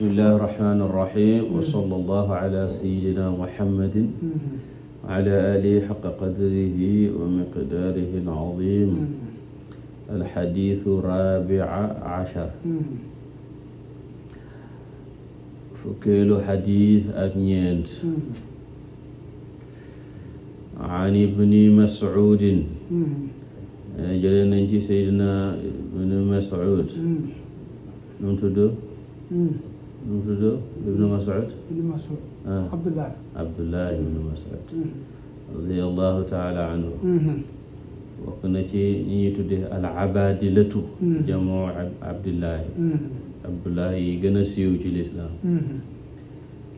bismillahi irrahmani irrahim wa sallallahu ala sayidina muhammadin wa hmm. ala alihi xaqa qadrihi wa miqdaarihi al-azim hmm. alxadiisu raabi'a ashar hmm. fukkeelu xadiis ak ñeent an ibni mas'uudin eh, jëlee nañ ci sayidina ibni mas'uud nu mu tudd nu mu tudd ibnu Mas'ud ibnu Mas'ud ah. Abdullah Abdullah ibnu Mas'ud mm-hmm. taala anhu mm-hmm. bokk ci ñi ñuy tudde al abadilatu mm-hmm. jamoo abdullahi abdullahi yi gën a siiw ci lislaam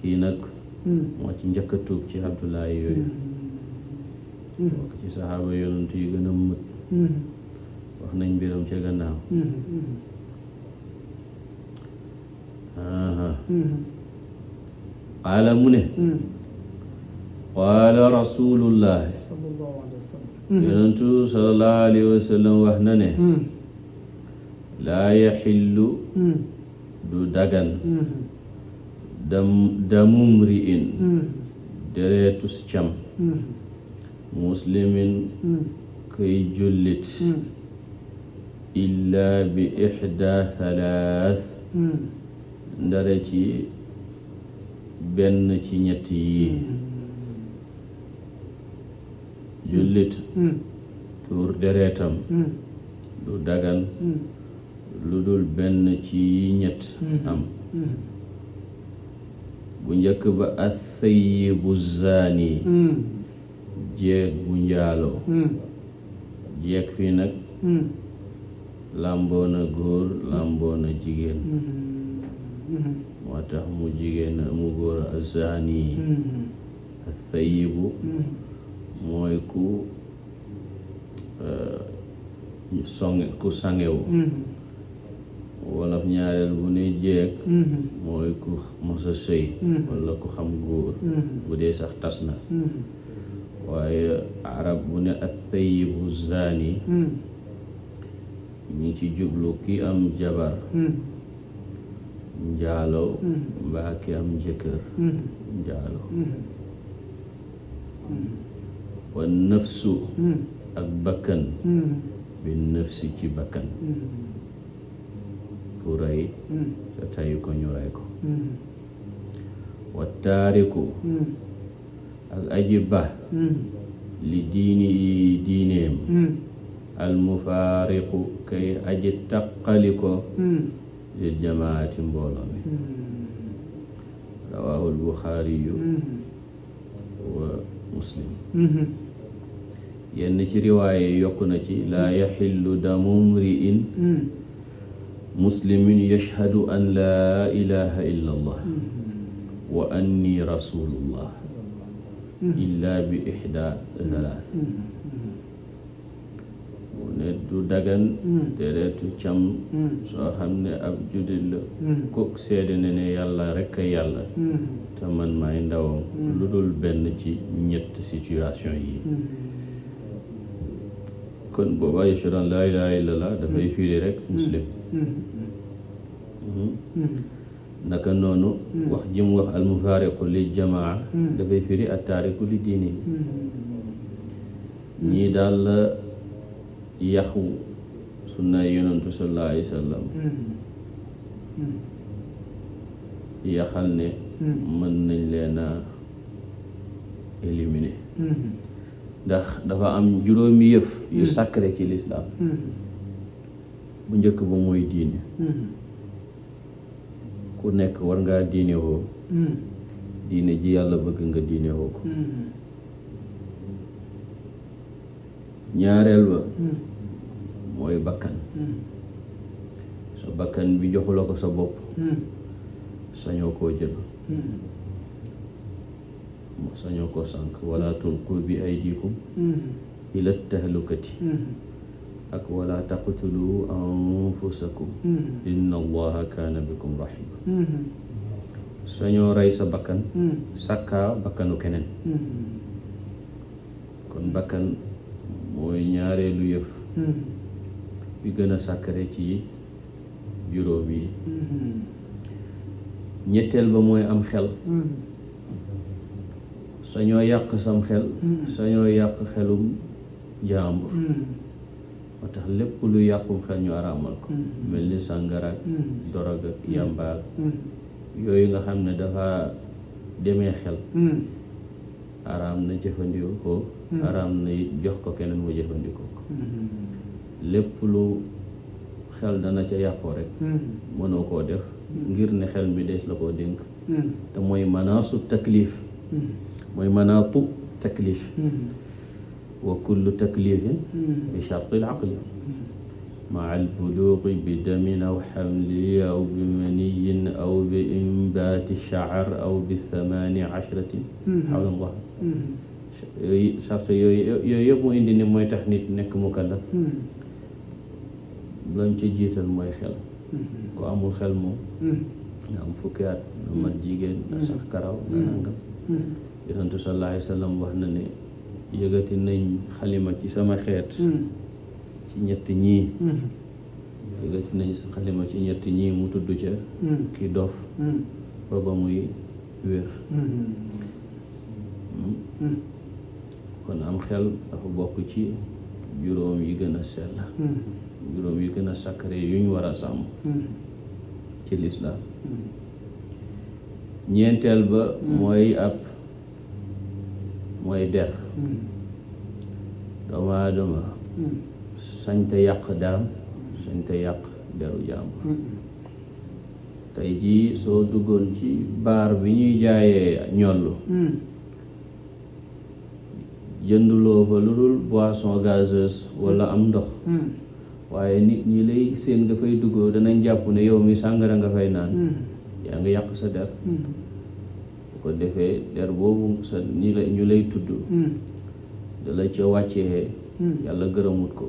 kii nag moo ci njëkk a ci abdullahi yooyu bokk ci saxaaba yonent yu gën a mët wax nañ mbiram ca gannaaw qaala mu ne qaala rasulullahi yonentu salallahu alayhi wa sallam wax na ne hmm. laa yaxillu hmm. du dagan hmm. dam damum ri'in deretus cam muslimin kuy jullit illa bi ixda thalath ndare ci benn ci ñett yi mm. jullit mm. tuur deretam du mm. dagan lu dul benn ci ñett mm-hmm. am mm-hmm. bu njëkk ba athayibu zaani jeeg bu njaaloo jeeg fii nag làmboo góor làmboo na jigéen mm-hmm. Mm-hmm. moo tax mu jigéen mu góor a zaani mm-hmm. athayibu mm-hmm. mooy ku euh, songe ku sangewu bu ne jéeg mooy ku mos a sëy wala ku xam góor bu dee sax tas na waaye arab bu ne athayibu zaani ñi ci jublu ki am jabar njaalo mm-hmm. mbaa ki am jëkkër mm-hmm. njaalo mm-hmm. nafsu ak bakkan bi nafsi ci bakkan ku rey sa tayu ko ñu ko wa taariku ak aji ba li diini yi al mufaariqu kay aji taqali ko lil jamaati mbooloo mi rawaahul buxaariyu wa muslim yenn ci riwaaye yokk na ci laa yaxillu damu mriin muslimin yashhadu an laa ilaha illa allah wa anni rasulullah illa bi ixda thalath deret du dagan mm. deretu cam mm. soo xam ne ab judit la mm. kook seede ne yàlla rekk a yàlla te man maay ndawam lu dul benn ci ñett situation yi kon boobaa yashhadu an laa ilaaha illallaah dafay fiiri rek muslim naka noonu wax ji mu wax almufaariqu li jamaa dafay fiiri attaariku li diini ñii daal yàqu sunnaay yonantu sallallahu alayhi wa hmm. Hmm. ne hmm. mën nañ leen a ndax dafa am juróomi yëf yu sacré ci lislaam bu njëkk ba mooy diine ku nekk war ngaa diine woo diine ji yàlla bëgg nga diine woo ko ñaareel ba mooy bakkan hmm. sa bakkan bi joxula ko sa bopp hmm. sañoo koo jël hmm. sañoo koo sànq wala tulqu bi aydikum ila tahlukati ak wala taqtulu anfusakum inna allaha kaana bikum rahima sañoo rey sa bakkan sakkaa bakkanu keneen kon bakkan mooy ñaareelu yëf bi gën a sàkkare ci juróom yi ñetteel ba mooy am xel sañoo yàq sam xel sañoo yàq xelum jaambur moo tax lépp lu yàqum xel ñu araamal ko mel ni sàngaraak dorog ak yàmbaak yooyu nga xam ne dafa demee xel araam na jëfandikoo araam na jox ko keneen mu jëfandikoo ko lépp lu xel dana ca yàqoo rek hmm. mënoo def hmm. ngir ne xel mi dees la dénk hmm. te mooy manaasu taklif mooy manaatu taklif wa kullu taklifin bi charti l aqli maa albuluuqi bi damin aw xamli aw bi maniyin aw bi imbaati shacar aw bi thamaani ashratin xawla allah charte yooyu yooyu yëpp mu indi ne mooy tax nit nekk mukallaf lañ ci jiital mooy xel mm-hmm. ku amul xel moom mm-hmm. nga am fukki at nga mm-hmm. mat jigéen nga sax karaw nga nangam yonentu sallallahu alayhi wa wax na ne yëgati nañ xalima ci sama xeet ci ñett ñii yëgati nañ xalima ci ñett ñii mu tudd ca ki dof ba ba muy wér kon am xel dafa bokk ci juróom yi gën a sell juróom yu gën a sacré yu ñu war a sàmm hmm. ci lislaam hmm. ñeenteel ba hmm. mooy ab mooy der doomu aadama sañta yàq daram sañta yàq deru jàmbur tey jii soo duggoon ci baar bi ñuy jaayee ñollu jënduloo fa lu dul boisson gazeuse walla am ndox waaye nit ñi lay seen dafay duggoo danañ jàpp ne yow mi sàngara nga fay naan hmm. yaa ngi yàq sa der hmm. bu ko defee der boobu sa ñi ñu lay tudd hmm. da la ca wàccee yàlla gërëmut ko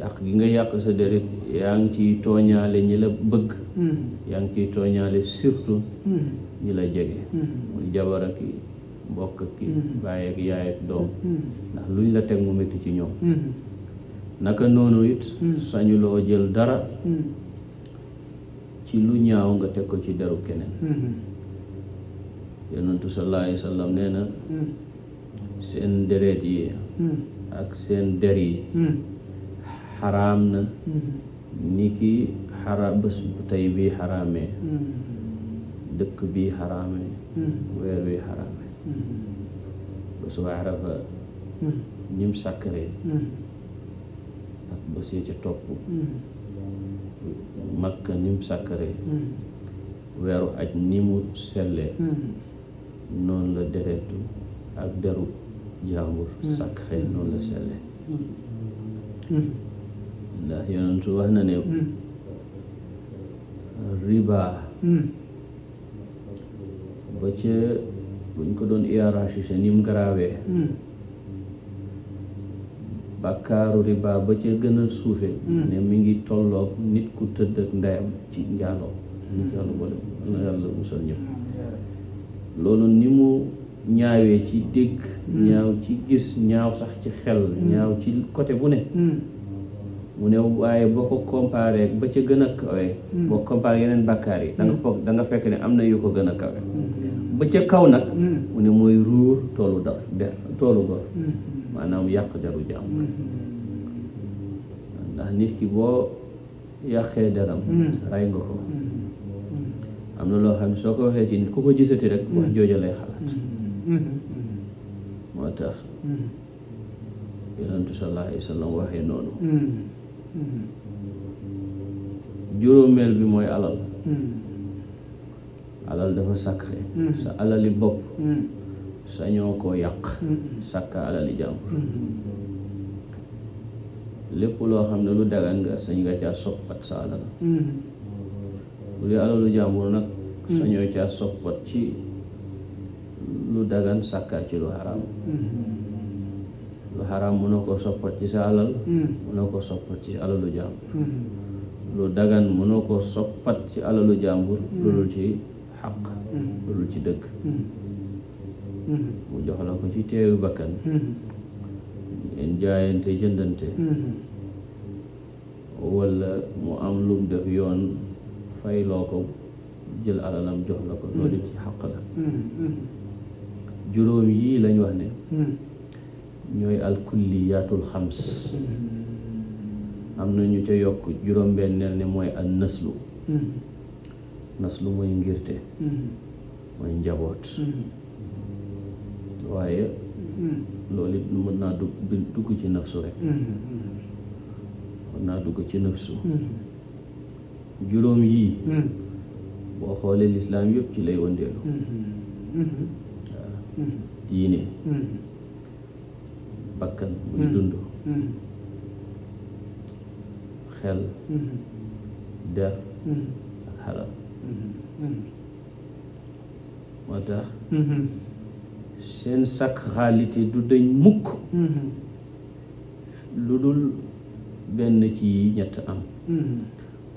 yàq gi nga yàq sa deret yaa ngi ciy tooñaale ñi la bëgg yaa ngi ciy tooñaale surtout ñi la jege muy jabar ak i mbokk ak i doom ndax luñ la teg mu métti ci ñoom naka noonu it hmm. sañuloo jël dara hmm. ci lu ñaaw nga teg ko ci deru keneen hmm. yonentu sallallahu alayhi wa seen deret yi ak seen der yi xaraam na ni ki xaraam bés bu tey bii xaraamee dëkk bii xaraamee weer wi xaraamee bésu Arafa ñim sàkkaree bés ca topp mm. makka ni mu sàkkaree mm. weeru aj ni mu sellee mm. la deretu ak deru jàmbur sàkkaree noonu la sellee ndax yonentu wax na ne riba ba buñ ko doon hiérarchise ni mu garaawee bàkkaaru riba ba ca gën a suufee mm. ne mi ngi tolloog nit ku tëdd ak ndeyam ci njaaloo mm. nit yàlla mm. loolu ni mu ñaawee ci dégg ñaaw ci gis ñaaw sax ci xel ñaaw ci côté bu ne mu ne waaye boo ko comparé ba ca gën a kawe boo comparé yeneen bàkkaar yi da nga foog fekk ne am na yu ko gën a kawe ba ca kaw nag mu ne mooy ruur toolu dar toolu gor maanaam yàq deru jaam mm-hmm. ndax nit ki boo yàqee deram mm-hmm. rey nga ko mm-hmm. am na loo xam ne soo ko waxee ci nit ku ko gisati rek wax jooja lay xalaat moo tax yonentu sallallahu alayhi wa sallam bi mooy alal alal dafa sacré bopp sañoo koo yàq sàkka alali jàmbur lépp loo xam ne lu dagan nga sañ nga ca soppat sa alal bu nag sañoo caa soppat ci lu dagan sàkka ci lu xaraam mm-hmm. lu xaraam mun ko soppat ci sa alal mm-hmm. mun ko soppat ci alalu jàmbur lu dagan mun ko soppat ci alalu jàmbur lu dul mm-hmm. ci xaq lu dul ci dëkk mu jox la ko ci teewu bakkan ngeen jaayante jëndante wala mu am lum def yoon fayloo ko jël alalam jox la ko loolu ci xaq la juróom yii lañ wax ne ñooy alkulliyaatul xams am na ñu ca yokk juróom benneel ne mooy al naslu mm-hmm. naslu mooy ngirte mm-hmm. mooy njaboot waaye mm. loolu it naa dugg dugg ci nafsu rek mm, mm, mën naa dugg ci nafsu juróom yii boo xoolee lislaam yëpp ci lay wëndeelu diine bakkan muy dund xel der ak xalal moo tax seen sacralité du dañ mukk mm-hmm. lu dul benn ci ñett am mm-hmm.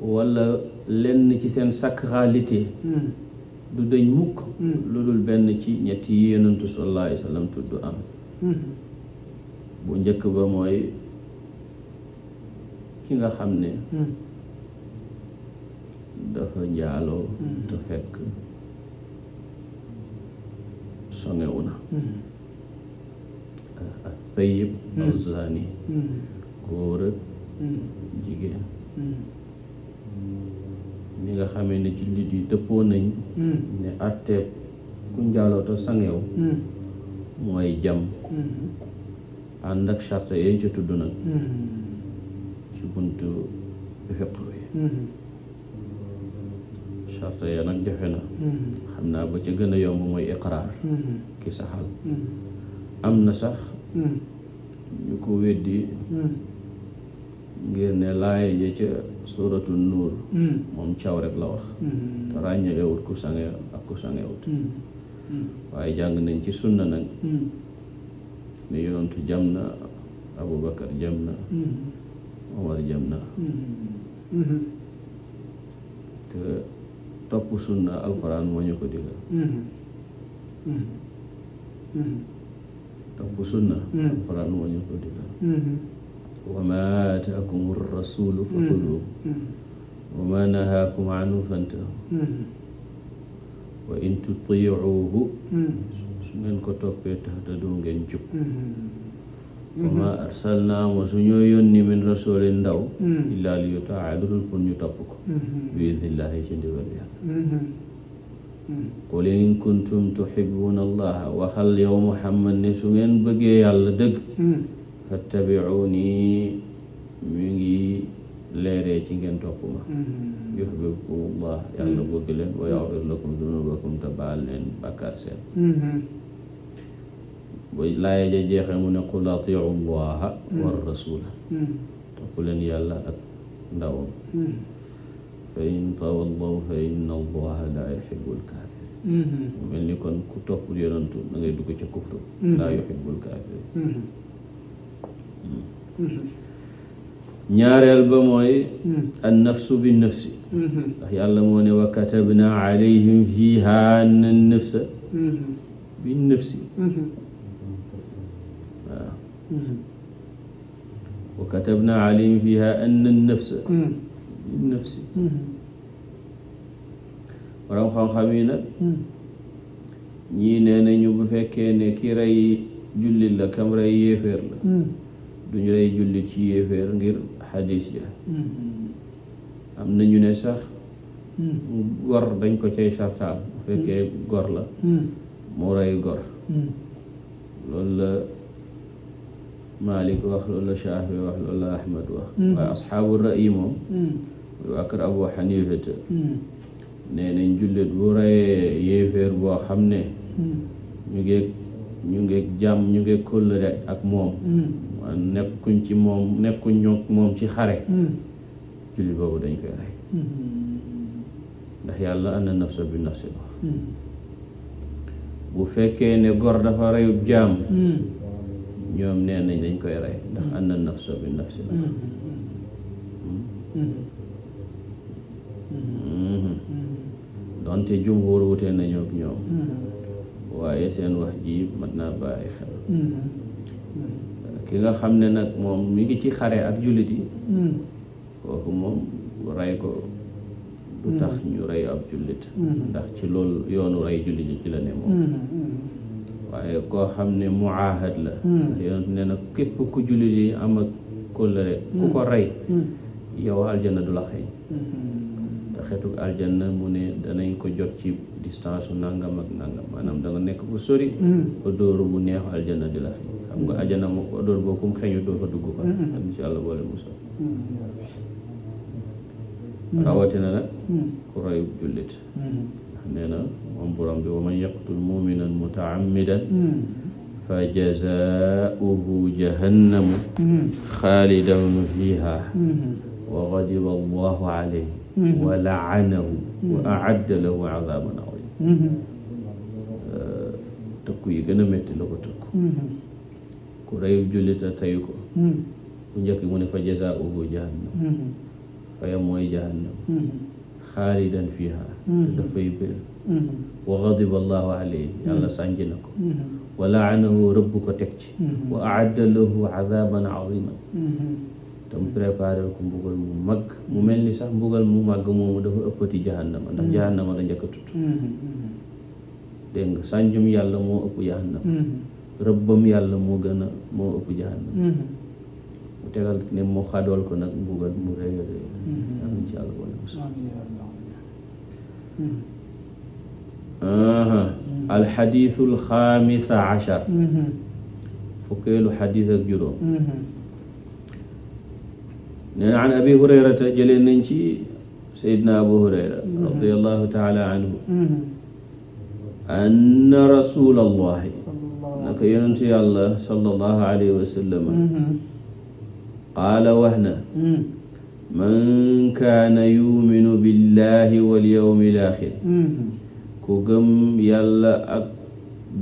walla lenn ci seen sacralité mm-hmm. du dañ mukk lu dul benn ci ñett yi yonentu sallallahu tudd am bu njëkk ba mooy ki nga xam ne dafa njaaloo te fekk sonné wu na ak tayib aw zani góor ak jigéen ñi mm-hmm. nga xamee ne jullit yi dëppoo nañ mm-hmm. ne àtteeb ku njaaloo te sangew mm-hmm. mooy jam ànd ak charte yooyu ci tudd nag ci buntu fiq bi charte ya nag jafe na mm-hmm. xam naa ba ca gën a yomb mooy iqraar mm-hmm. ki saxal mm-hmm. am na sax ñu ko weddi ngir ne laaya ja ca suuratu nuur moom caw rek la wax te ràññalewut ku ku sangewut waaye jàng nañ ci sunna nag ne yonentu jam na abubakar jam na omar jam na te topp sunna alxuraan moo ñu ko digal mm-hmm. Mm-hmm. Mm-hmm. topp sunna alxuraan moo ñu ko digal wa ma ataakum rasulu fa xulu wa ma nahaakum anhu fantahu wa in tutiicuuhu su ngeen ko toppee tax da doo ngeen jub wa ma mhm. arsalna mosu ñoo yónni min rasulin ndaw mhm. illaa li yutaa ludul pour ñu topp ko mhm. bi idnillahi ci ndigal yàlla qul in kuntum tuhibbuna allaha waxal yow muhammad ne su ngeen bëggee yàlla dëgg fattabiuni mi ngi leeree ci ngeen topp ma yuhbibkum allah yàlla bëgg leen wa yaxfir lakum dunubakum te baal leen bàkkaar seen ba laaya ja jeexee mu ne qul atiu llaha war rasula hmm. hmm. topp leen yàlla ak ndawam hmm. fa in tawallaw fa inna allaha laa yuhibbul kaafirin mu mel ni kon ku topp yonantu da ngay dugg ca kufru laa yuhibbul kaafirin ñaareel ba mooy an nafsu bi nafsi ndax yàlla moo ne wa katabna alayhim fiha anna nafsa bi nafsi wa katabna alayhim fiha anna nafsa nafsi borom xam-xam yi nag ñii nee nañu bu fekkee ne ki rey jullit la kam rey yéeféer la duñu rey jullit ci yéeféer ngir xadis ya am nañu ne sax gor dañ ko cay sartaal bu fekkee gor la mu rey gor Malik wax loolu la Shaafi wax loolu Ahmad mm-hmm. waaye asxaabu ra'yi moom mm-hmm. Abu Xanifa te mm-hmm. nee jullit bu reyee yéeféer boo xam ne ñu ngeeg ñu ngeeg jàmm ñu ngeeg kóllëre ak moom nekkuñ ci moom nekkuñ ñoo moom ci xare jullit boobu dañ koy rey ndax yàlla ana nafsa bi nafsi wax bu fekkee ne gor dafa reyub jaam ñoom nee nañ dañ koy rey ndax ànd na nafsa bi nafsi la mm-hmm. Mm-hmm. Mm-hmm. donte jumhur wutee nañu ak ñoom waaye seen wax ji mën naa bàyyi xel ki nga xam ne nag moom mi ngi ci xare ak jullit yi kooku moom rey ko du tax ñu rey ab jullit ndax ci loolu yoonu rey jullit yi ci la ne moom waaye koo xam ne muahad la hmm. yonent nee na képp ku jullit yi am ak kóllëre ku ko hmm. rey hmm. yow aljanna du la xëy te xetuk aljanna mu ne danañ ko jot ci distance nangam ak nangam maanaam da nga nekk bu sori odóor bu neexu aljanna di la xëy xam nga aljanna moo odóor boo kum xëñu doo fa dugg fa insha allah boole musal rawatina nag ku rey jullit nee na moom borom bi wa man yaqtul muminan mutaammidan hmm. fa jazaauhu jahannamu hmm. xaalidan fiha hmm. wa gadiba allahu alayhi wa laanahu wa aadda lahu azaban azim tëkku yi gën a métti la ko tëkku ku reyu jullita tayu ko bu njëkk mu ne fa jazaauhu jahannam faya mooy jahannam xaalidan fiha Mm-hmm. dafay bér mm-hmm. wa gadiba allahu alayhi mm-hmm. yàlla sànji na ko wa rëbb ko teg ci wa aadda lahu adaban azima tam préparé ko mbugal mu mag mu mel ni sax mbugal mu mag moom dafa ëppati jahannama ndax jahannama la njëkk a tudd yàlla moo ëpp jahannama rëbbam yàlla moo gën a moo ëpp jahannama mu tegal ne moo xadool ko nag mbugal mu réy réy am ci yàlla boole Mm-hmm. alxadiisul xaamisa ashar mm-hmm. fukkeelu xadiis ak juróom mm-hmm. nee na an abi hurayrata jëlee nañ ci seydna abu hurayra radiallahu taala anhu anna rasulallahi naka yonentu yàlla sallallahu alayhi wa sallam qaala wax na man kaana yuminu billahi wal yawmil axir mm-hmm. ku gëm yàlla ak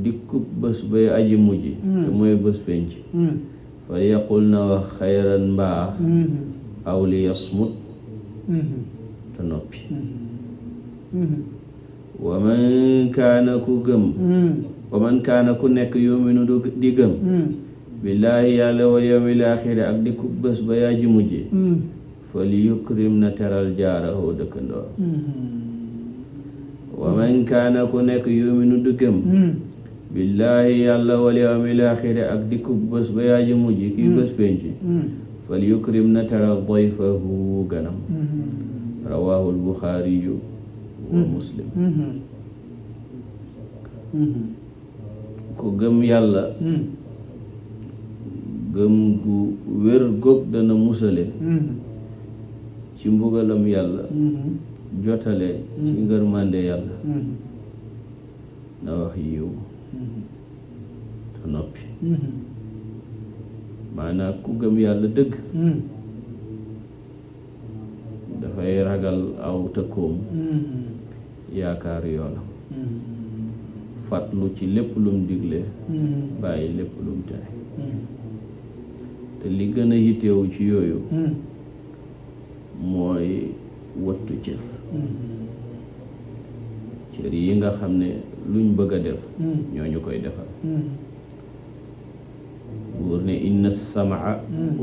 dikkub bés bay aji mujj mm. te mooy bés penc mm. fa yaqul na wax xayran mbaax mm-hmm. aw li yasmut mm-hmm. te noppi wa man kaana ku gëm mm. wa man kaana ku nekk yuminu di gëm billaahi yàlla wal yawmil axir ak dikkub bés bay aji mujj fali yukrim na teral jaarahoo dëkkandoor wa man kaana ku nekk yuminu du gëm billaahi yàlla wal yawmil aaxiri ak dikku bés ba yaaji mujj kii bés penc fal yukrim na teral dayfahu ganam rawaahu albuxaariyu wa muslim ku gëm yàlla gëm gu wér góog dana musale ci mbugalam yàlla mm-hmm. jotale ci mm-hmm. ngërmande yàlla mm-hmm. na wax yiw te noppi maanaam ku gëm yàlla dëgg dafay ragal aw tëkkoom yaakaar yoonam fatlu ci lépp lum digle bàyyi lépp lum tere te li gën a yiteewu ci yooyu mooy wattu cër cër yi nga xam ne luñ bëgg a def ñooñu koy defal buur ne inna samaa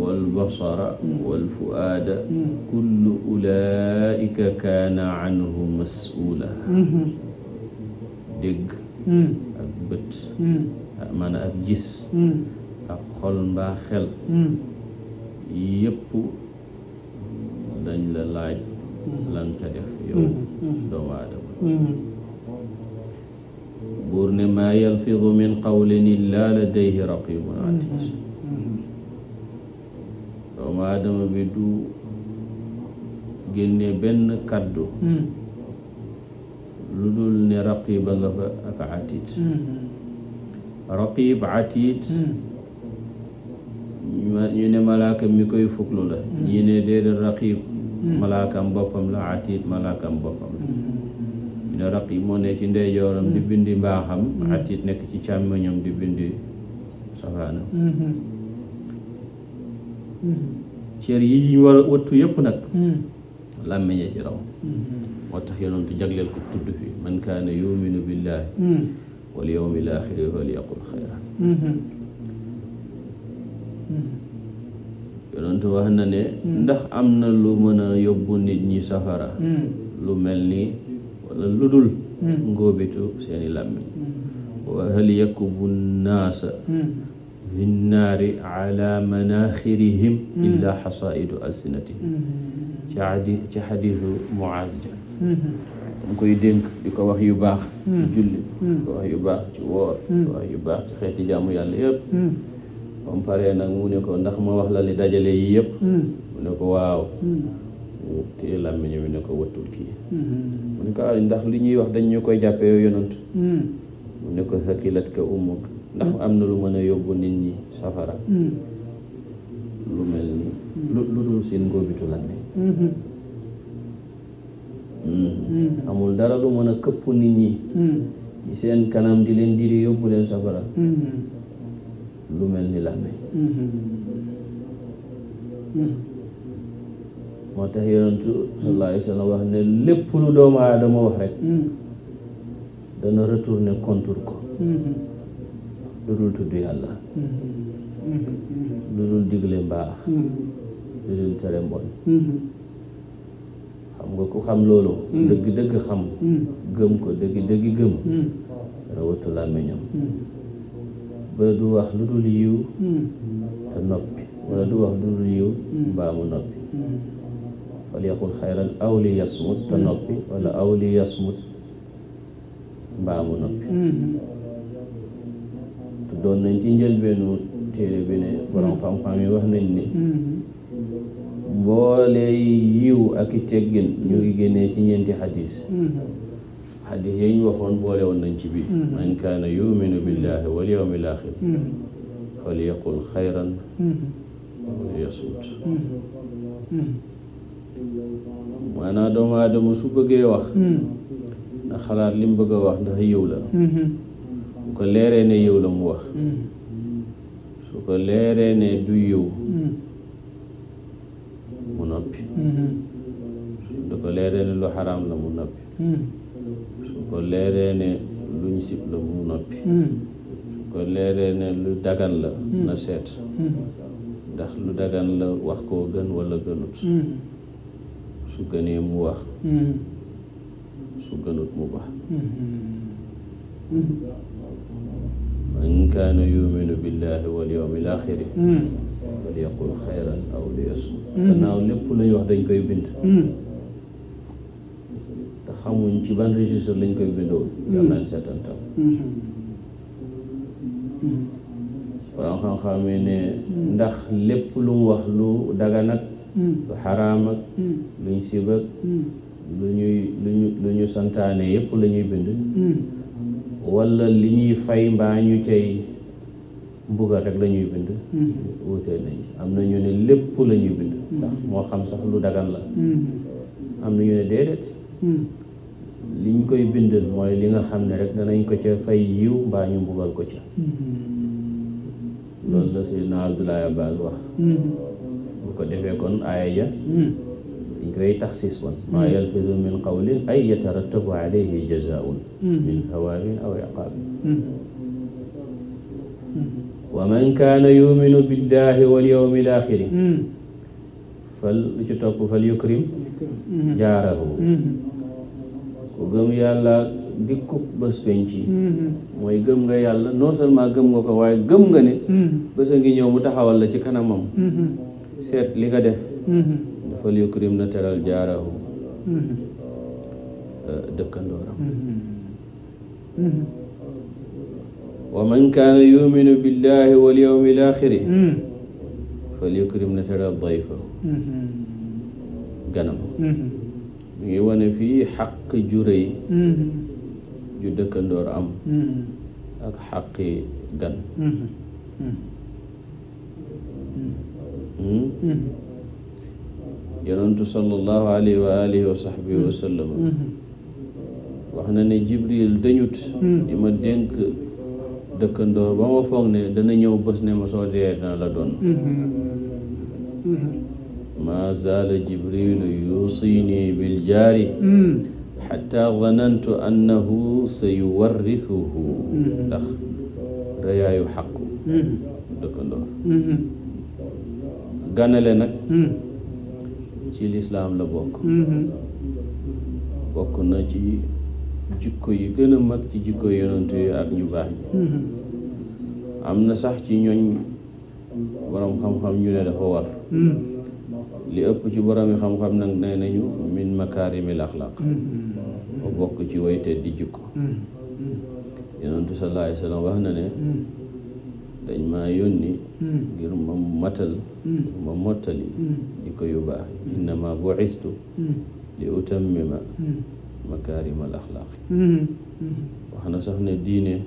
wal basara wal fuaada kullu ulaika kaana anhu masuula dégg ak bët maanaam ak gis ak xol mbaa xel yépp dañ la laaj mm-hmm. lan ca def mm-hmm. yow mm-hmm. doomu aadama buur ne maa yalfidu min qawlin illaa ladayhi raqibun atid doomu aadama bi du génne benn kàddu lu dul ne raqiba raqib atid ñu ne malaakam mi koy fuglu la ñi mm. ne déedéet raqib mm. malaakam boppam la atiid malaakam boppam la mm. ñu ne raqib moo ne ci ndeyjooram di bindi mbaaxam atiid nekk ci càmmoñam di bindi safaanam mm-hmm. mm-hmm. cër yi ñu war a wattu yépp nag làmmiñe ci raw mm-hmm. moo tax yonentu jagleel ko tudd fi man kaana yuminu billahi wal yawmil axiri falyaqul xayran yonentu wax na ne ndax am na lu mën a yóbbu nit ñi safara hmm. lu mel ni wala lu dul hmm. ngóobitu seeni làmmiñ hmm. wa hal yakubu nnaasa fi nnaari ala manaxirihim illa xasaidu alsinatihim ci xadi ci xadisu Muaaz ja mu koy dénk di ko wax yu baax ci julli di ko wax yu baax ci woor di ko wax yu baax ci xeeti jaamu yàlla yëpp ba mu nag mu ne ko ndax ma wax la li dajale yi yëpp hmm. mu ne ko waaw hmm. te làmmiñ mi ne ko wëttul kii hmm. mu ne ko ah, ndax li ñuy wax dañ koy jàppe yow yonant mu ne ndax am na lu mën a yóbbu nit ñi safara lu mel ni lu lu dul seen ngóobitu làmmiñ amul dara lu mën a këpp nit ñi seen kanam di leen diri yóbbu leen safara lu mel ni làmmiñ moo tax yonentu sallallahu alayhi wa sallam wax ne lépp lu doomu aadama wax rek dana retourner contour ko lu dul tudd yàlla lu dul digle mbaax lu dul tere mbon xam nga ku xam loolu dëgg dëgg xam gëm ko dëgg dëgg gëm rawatu làmmiñam ba du wax lu dul yiw hmm. te noppi wala du wax lu dul yiw hmm. mbaa noppi hmm. wala yaqul xayran aw li yasmut te noppi wala aw li yasmut mbaa mu noppi doon nañ ci njëlbeenu téere bi ne borom xam-xam wax nañ ni mboolee yiw ak i teggin ñu ngi génnee ci ñeenti xadis xaddis yi waxoon boole woon nañ ci biir mm-hmm. man kaana yuminu billahi wal yawmil axir mm-hmm. fal yaqul xayran mm-hmm. wala yasut maanaam doomu aadama su bëggee wax na xalaat li mu bëgg a wax ndax yiw la su ko leeree ne yiw la mu wax su ko leeree ne du yiw mu noppi su ko leeree ne lu xaraam la mu noppi ko leeree ne luñ sib la mu noppi hmm. ko leeree ne lu dagan la hmm. na seet hmm. ndax lu daggan la wax koo gën walla gënut su gënee mu wax su gënut mu bax man kaana yuminu billahi wal yawmil axiri wal yaqul xayran aw liyasmut gannaaw lépp lañu wax dañ koy bind xamuñ ci ban registre lañ koy bindoo mm-hmm. yor nañ seetantal mm-hmm. borom xam-xam yi ne mm-hmm. ndax lépp lu mu wax lu dagan ak lu xaraam ak luñ sib ak lu ñuy santaane yépp lañuy ñuy bind wala li ñuy fay mbaa ñu cay mbugal rek la ñuy bind wutee nañ am na ñu ne lépp la bind ndax moo xam sax lu dagan la am na ñu ne déedéet liñ koy bindal mooy li nga xam ne rek danañ ko ca fay yiw mbaa ñu mbugal ko ca mm-hmm. loolu la Seydina Abdoulaye Abbas wax mm-hmm. bu ko defee kon aaya ja mm-hmm. dañ koy taxsis woon maa yalfidu min qawlin ay yatarattabu alayhi jazaun min thawaabin aw iqaabin wa man kaana yuminu billahi wal yawmil axiri fal lu ci topp fal yukrim jaarahu ku gëm yàlla dikkub bés penc yi mm-hmm. mooy gëm nga yàlla non seulement gëm nga ko waaye gëm nga ne mm-hmm. bés a ngi ñëw mu taxawal la ci kanamam mm-hmm. seet li nga def fal yukrim na teral jaarahu euh, dëkkandooram wa man kaana yuminu billahi wal yawmil axiri fal yukrim na teral dayfahu ganam mi ngi wane fii xaq ju rëy mm-hmm. ju dëkkandoor am mm-hmm. ak xaqi gan mm-hmm. Hmm? yonentu sallallahu alayhi wa alihi wa sahbihi wa sallam wax na ne jibril dañut di ma dénk dëkkandoor ba ma foog ne dana ñëw bés ne ma soo dee dana la doon ما زال جبريل يوصيني بالجار حتى ظننت أنه سيورثه ndax dax xàqu dëkkandoor ganale nag ci lislaam la bokk bokk na ci jikko yi gëna a mag ci jikko yonent yi ak ñu baax ñi am na sax ci ñooñ boroom xam-xam ñu ne dafa war li ëpp ci boroomi xam-xam nag nee nañu min makaarimil axlaq ba mm-hmm. bokk ci wayte di jikko mm-hmm. yonentu sallallahu alayhi wa sallam wax na ne mm-hmm. dañ maa yónni ngir ma matal ma mottali jikko yu baax yi innama bu'istu li utammima makaarimal axlaq wax na sax ne diine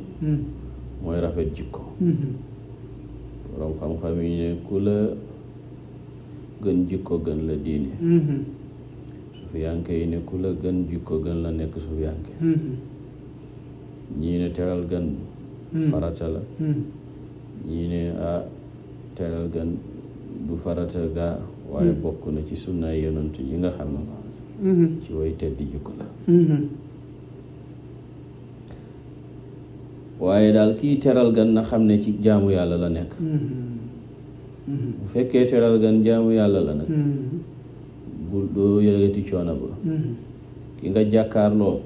mooy rafet jikko borom xam-xam yi ne ku la gën jikko gën la diine mm-hmm. sufiyanke yi ne ku la gën jikko gën la nekk sufiyanke mm-hmm. ñii ne teral gën mm-hmm. farata la ñii ne ah teral gën du farata gaa waaye bokk na ci sunna yonent yi nga xam ne ci way tedd jikko la waaye daal kii teral gën na xam ne ci jaamu yàlla la nekk Mm-hmm. bu fekkee teral gan jaamu yàlla la nag mm-hmm. bul doo yëgati coono ba mm-hmm. ki nga jàkkaarloo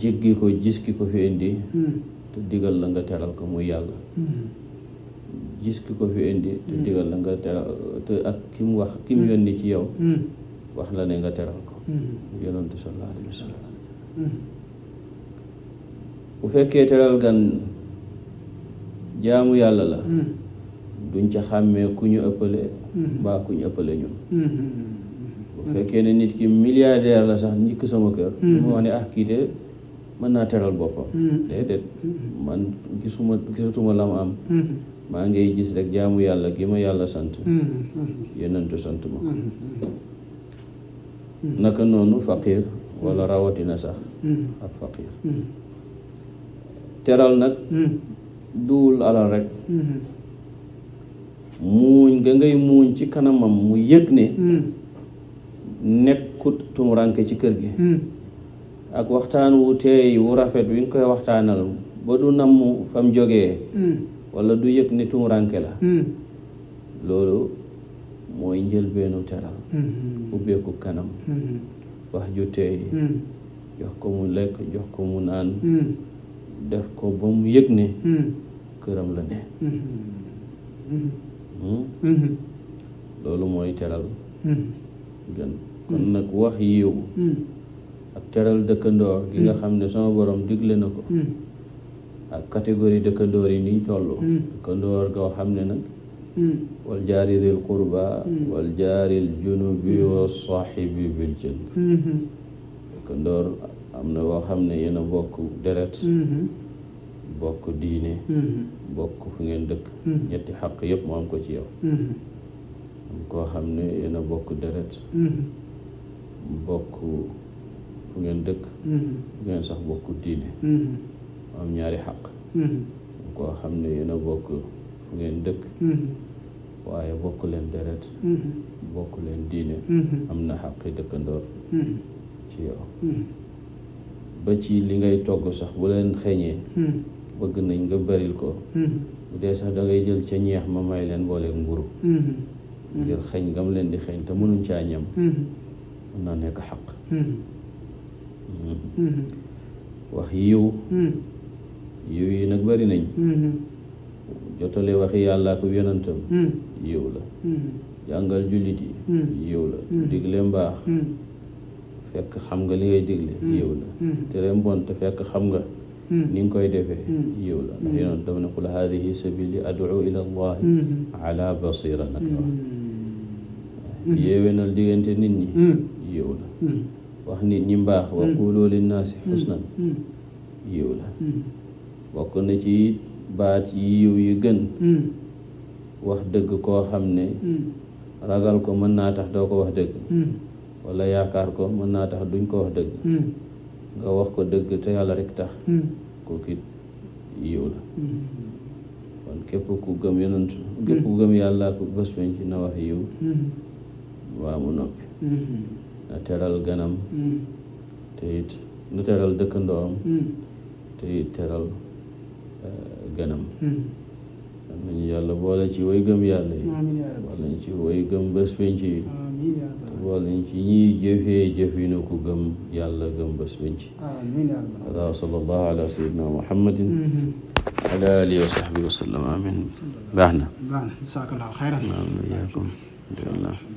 jéggi ko gis ki ko fi indi te digal la nga teral ko muy yàlla gis ki ko fi indi te digal la nga teral te ak ki mu wax ki mu yónni ci yow wax la ne nga teral ko yonantu bu fekkee teral gan jaamu yàlla la duñ ca xàmmee ku ñu ëppale mm-hmm. mbaa ku ñu ëppale ñun mm-hmm. bu fekkee ne nit ki milliardaire la sax njëkk sama kër su mm-hmm. ah kii de mën naa teral boppam déedéet man gisuma gisatuma la ma am maa ngay gis rek jaamu yàlla gi ma yàlla sant yenentu sant ma naka noonu faqir wala rawatina sax ak faqir teral nag duwul alal rek muuñ nga ngay muuñ ci kanamam mu yëg ne hmm. nekkut tumuranke ci kër gi hmm. ak waxtaan wu teey wu rafet wi nga koy waxtaanal ba du namm fam jógee hmm. walla du yëg ne tumuranke la loolu mooy njëlbeenu teral ubbeeku kanam wax ju teey jox ko mu lekk jox ko mu naan def ko ba mu yëg ne këram la ne Hmm? loolu mooy teral hmm. gën kon nag wax yiw hmm. ak teral dëkkandoor gi nga xam ne sama borom digle na ko ak catégorie dëkkandoor yi niñ toll dëkkandoor goo xam ne nag wal jaari dil qurba wal jaaril junubi wa sahibi bil jënd dëkkandoor am na boo xam ne yéen a bokk deret bokk diine mm-hmm. bokk fu ngeen dëkk mm-hmm. ñetti xaq yëpp mu am ko ci yow mm-hmm. am koo xam ne yéen a bokk deret bokk fu ngeen dëkk fu ngeen sax bokk diine mu am ñaari xaq am koo xam ne yéen bokk fu ngeen dëkk waaye bokk leen deret bokk leen diine am na xaqi dëkkandoor ci yow ba ci li ngay togg sax bu leen xeeñee bëgg nañ nga bëril ko hmm. bu dee sax da jël ca ñeex ma may leen booleeg mburu ngir xëñ ngam leen di xëñ te mënuñ caa ñam hmm. mën naa nekk xaq hmm. wax yiw yiw yi nag bari nañ jotale waxi yàlla ko yonantam yiw la jàngal jullit yi yiw la digle mbaax fekk xam nga li ngay digle yiw la tere mbon te fekk xam nga Hmm. ni nga koy defee hmm. yiw la ndax hmm. yonent dafa ne qul haadihi sabili ad'u ila allahi ala basira nag la wax yéewénal diggante nit ñi yiw la wax nit ñi mbaax wa qulu linnaasi xusnan yiw la bokk na ci baat yi yiw yi gën wax dëgg koo xam ne ragal ko mën naa tax doo ko wax dëgg wala yaakaar ko mën naa tax duñ ko wax dëgg nga wax ko dëgg te yàlla rek tax hmm. kooku yiw la hmm. kon képp ku gëm yonent hmm. képp ku gëm yàlla ku bés bañ na wax yiw waa mu noppi na teral ganam te na teral dëkkandoom te it teral eh, ganam am nañu yàlla boole ci way gëm yàlla yi boole ci way gëm bés bañ booleñ ci ñiy jëfee jëfinu ku gëm yàlla gëm bés binc hada wa sallallahu ala sayyidina muhammadin mm-hmm. ala alihi wa sahbihi wa sallam amin baax na